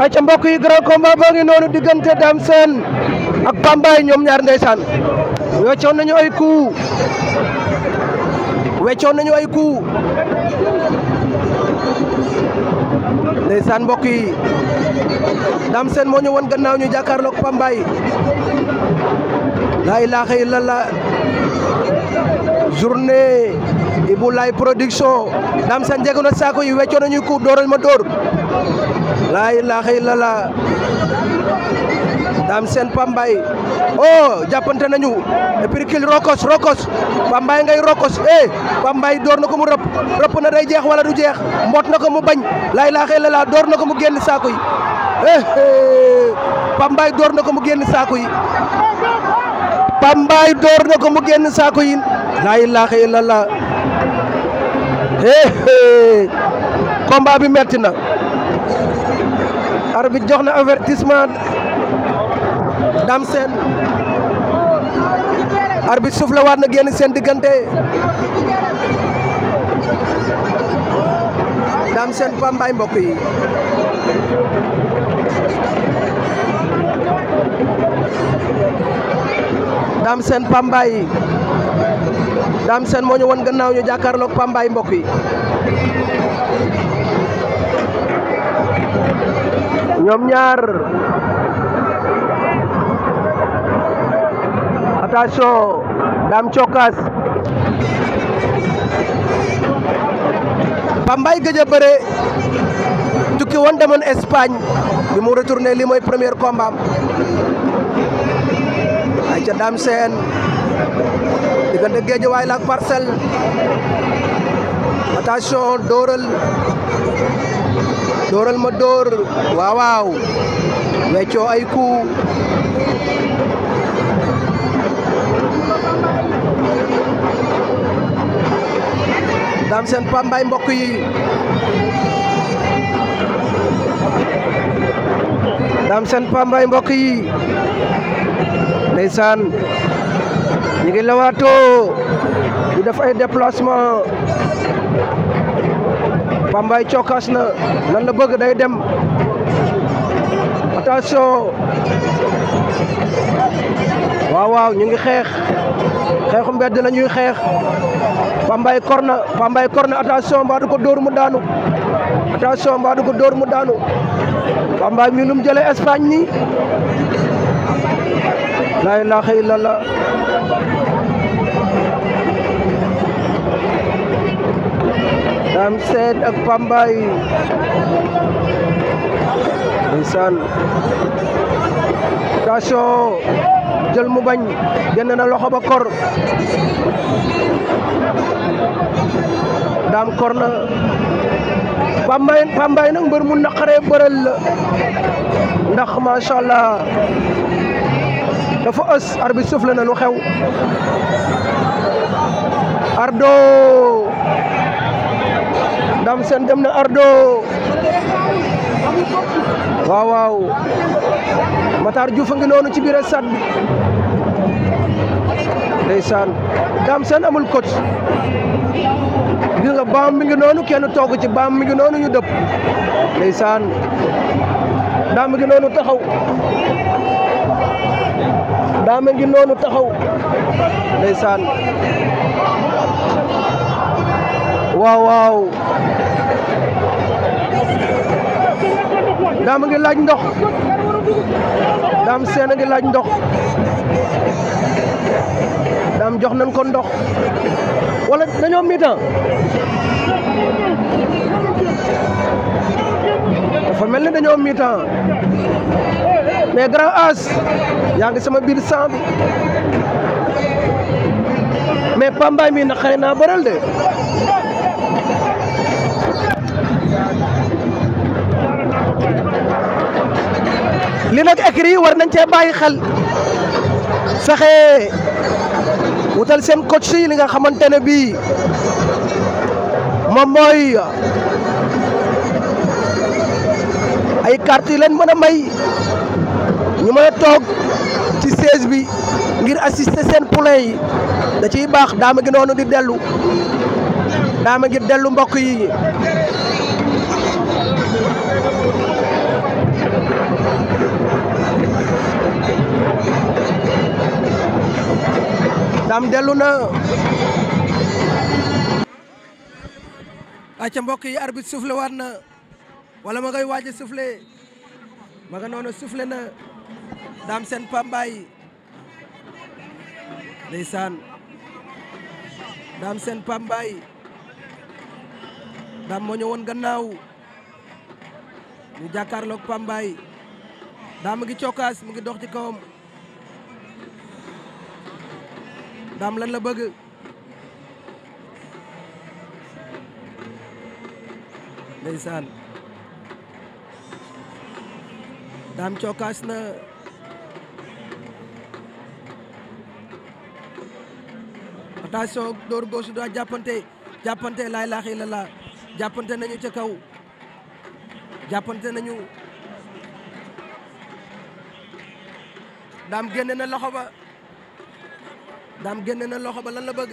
ayca mbokk yi grand combat boo ngi noonu diggante Dame Sène ak Pambaay ñoom ñaar ndeysaan weccoon nañu ay coup weccoon nañu ay coup ndeysaan mbokk yi Dame Sène moo ñu won gannaaw ñu jàkkaarloog Pambaay laa ilaaha illallah journée Ibou Laye production Dame Sène jege na saako yi weccoon nañuy coup dooral ma door laa ilaaha illallah Dame seen Pambay oh jàppante nañu et puis kil rokos rokos Pambay ngay rokos eh Pambay door na ko mu rëpp rëpp na day jeex wala du jeex mboot na ko mu bañ laay ilaaha illallah door na ko mu genn saako yi eh, eh Pambay door na ko mu génn saako yi Pambay door na ko mu génn saako yi laa ilaaha illallah eh, eh. bi metti na. arbitre jox na avertissement Dame Sène arbitre suuf la waat na génn seen diggante Dame seen Pambaay mbokk yi daam seen Pambaay Dame Sène moo ñu won gannaaw ñu jàkkaarloog Pambaay mbokk yi ñoom ñaar attention daam cokkaas Bambay gëj a bëre tukki woon demoon Espagne mu retourné li mooy premier combat ay ca Dame Sène diggante Guédiawaye la ak Parcelles attention dóoral dóoral ma door waaw waaw weccoo ay coup Dame Sène Pape Mbaye mbokk yi Dame Sène Pape Mbaye mbokk yi ndeysaan def ay déplacement Bambay cokkaas na lan la bëgg day dem attention waaw waaw ñu ngi xeex xeexu mbedd la ñuy xeex Bambay kor na Bambay kor na attention mbaa du ko dóor mu daanu attention mbaa du ko dóor mu daanu Bambay mi num jëlee Espagne nii laa ilaaha Dame Sène ak Pambaay ndeysaan attention jël mu bañ génn na loxo ba kor daam kor na Pambaay Pambaay nag mbër mu naqaree bërël la ndax macha allah dafa ës arbitre soufflé na lu xew ardo Dame Sène dem na Ardo waaw waaw Matar a ngi noonu ci biir stade bi ndeysaan Dame Sène amul coach gis nga baam mi ngi noonu kenn toog ci baam mi ngi noonu ñu dëpp ndeysaan Dame ngi noonu taxaw Dame ngi noonu taxaw ndeysaan waaw waaw daam a ngi laaj ndox daam seen a ngi laaj ndox daam jox nañ ko ndox walla dañoo mitan dafa mel ni dañoo mitan mais grand as yaa ngi sama biir sang mais pambaay mi na xare naa bëral de li nag écrit war nañ cee bàyyi xel fexe wutal seen coach yi li nga xamante ne bii moom mooy ay carte yi leen mën a may ñu mën a toog ci siège bi ngir assister seen poulain yi da ciy baax daama gi noonu di dellu daama gi dellu mbokk yi Lam dellu na. acca mbokk yi arbitre soufflé na wala ma ngay waaj a soufflé ma nga noonu soufflé na Dame Sène Pambaay ndeysaan Dame Sène Pambaay Dame moo ñëwoon gannaaw ñu jàkkaarloog Pambaay Dame mu ngi cokkaas mu ngi dox ci kawam. daam lan la bëgg ndeysaan daam cokkaas na attention door goosu daa jàppante jàppante laay laax la laa jàppante nañu ca kaw jàppante nañu daam génne na loxo ba daam génne na loxo ba lan la bëgg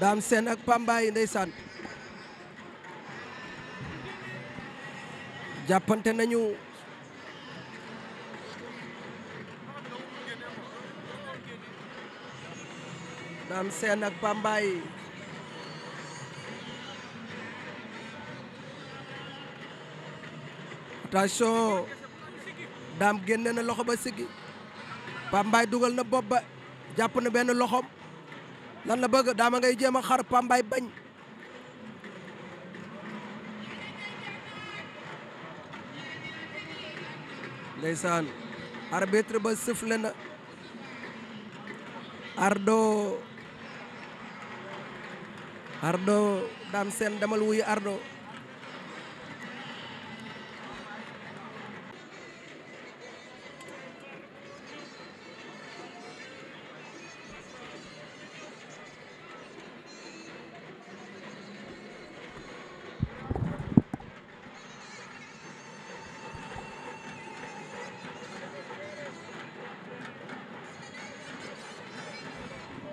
daam seen ak pambaay ndeysaan jàppante nañu daam seen ak pambaay attention daam génne na loxo ba siggi pambaay dugal na bopp ba jàpp na benn loxom lan la bëgg daama ngay jéem a xar pambaay bañ ndeysaan arbitre ba sifflé na ardo ardo daam seen demal wuyu ardo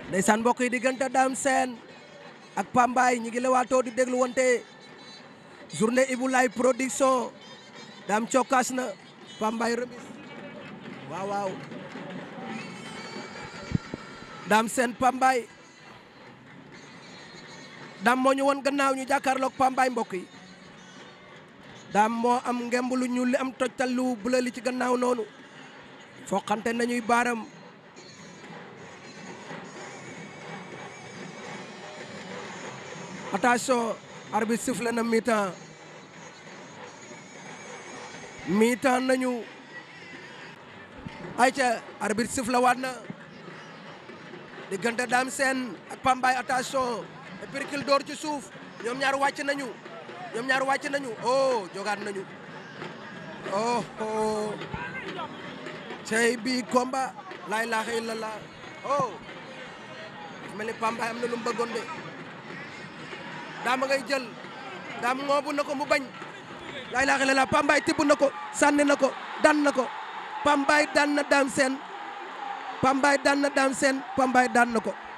ndeysaan mbokk yi diggante Dame Sène ak Pambaay ñi ngi lewaatoo di déglu wante journée Ibou Laye production cokkaas na Pambaay remis waaw waaw Dame Sène Pambaay Dame moo ñu won gannaaw ñu jàkkaarloog Pambaay mbokk yi Dame moo am ngemb lu ñuul li am tojtal lu bula ci gannaaw noonu foqante nañuy baaram attention arbitre sifflé na mi-temps mi-temps nañu ayca arbitre sifflé waat na diggante Dame seen ak Pambaay attention percule door ci suuf ñoom ñaar wàcc nañu ñoom ñaar wàcc nañu oh jogaat nañu oh oh cey bii combat laa ilaaha illallah oh mel ni Pambaay am na lu mu bëggoon daama ngay jël daam ngoobu na ko mu bañ laa ilaaha illallaah pambaay tibb na ko sànni na ko dan na ko pambaay dan na daam seen pambaay dan na seen pambaay dan na ko